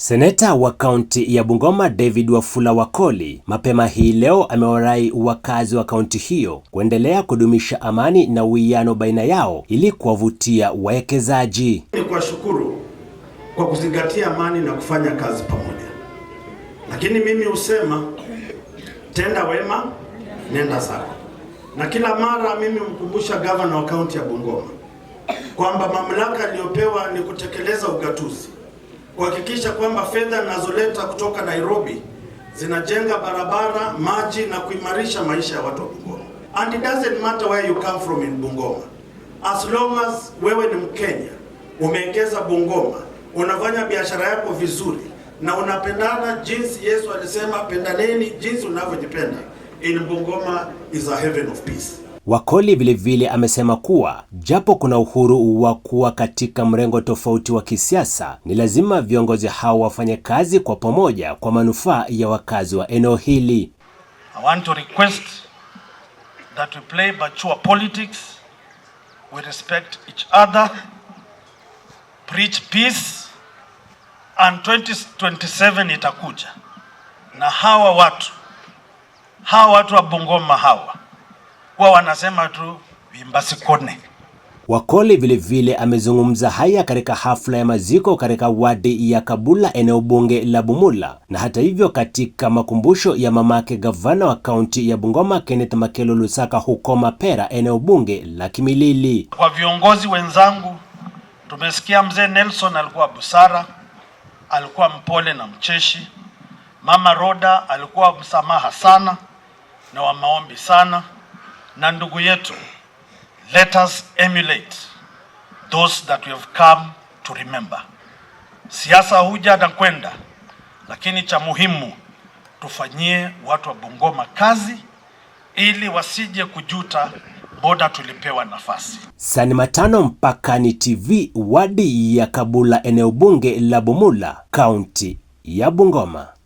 Seneta wa kaunti ya Bungoma David Wafula Wakoli mapema hii leo amewarai wakazi wa kaunti hiyo kuendelea kudumisha amani na uwiano baina yao ili kuwavutia wawekezaji. Ni kuwashukuru kwa kuzingatia amani na kufanya kazi pamoja, lakini mimi husema tenda wema nenda zako, na kila mara mimi humkumbusha gavana wa kaunti ya Bungoma kwamba mamlaka aliyopewa ni kutekeleza ugatuzi kuhakikisha kwamba fedha ninazoleta kutoka Nairobi zinajenga barabara, maji na kuimarisha maisha ya watu wa Bungoma. And it doesn't matter where you come from in Bungoma. As long as wewe ni Mkenya, umeekeza Bungoma, unafanya biashara yako vizuri na unapendana jinsi Yesu alisema pendaneni jinsi unavyojipenda. In Bungoma is a heaven of peace. Wakoli vilevile amesema kuwa japo kuna uhuru wa kuwa katika mrengo tofauti wa kisiasa, ni lazima viongozi hao wafanye kazi kwa pamoja kwa manufaa ya wakazi wa eneo hili. I want to request that we play mature politics. We respect each other. Preach peace and 2027 itakuja na hawa watu hawa watu wa Bungoma hawa huwa wanasema tu Vimbasikone. Wakoli vilevile amezungumza haya katika hafla ya maziko katika wadi ya Kabula eneo bunge la Bumula na hata hivyo katika makumbusho ya mamake gavana wa kaunti ya Bungoma Kenneth Makelo Lusaka huko Mapera eneo bunge la Kimilili. Kwa viongozi wenzangu tumesikia mzee Nelson alikuwa busara, alikuwa mpole na mcheshi. Mama Roda alikuwa msamaha sana na wa maombi sana na ndugu yetu, let us emulate those that we have come to remember. Siasa huja na kwenda, lakini cha muhimu tufanyie watu wa Bungoma kazi ili wasije kujuta boda tulipewa nafasi. Sani Matano Mpakani TV, wadi ya Kabula, eneo bunge la Bumula, kaunti ya Bungoma.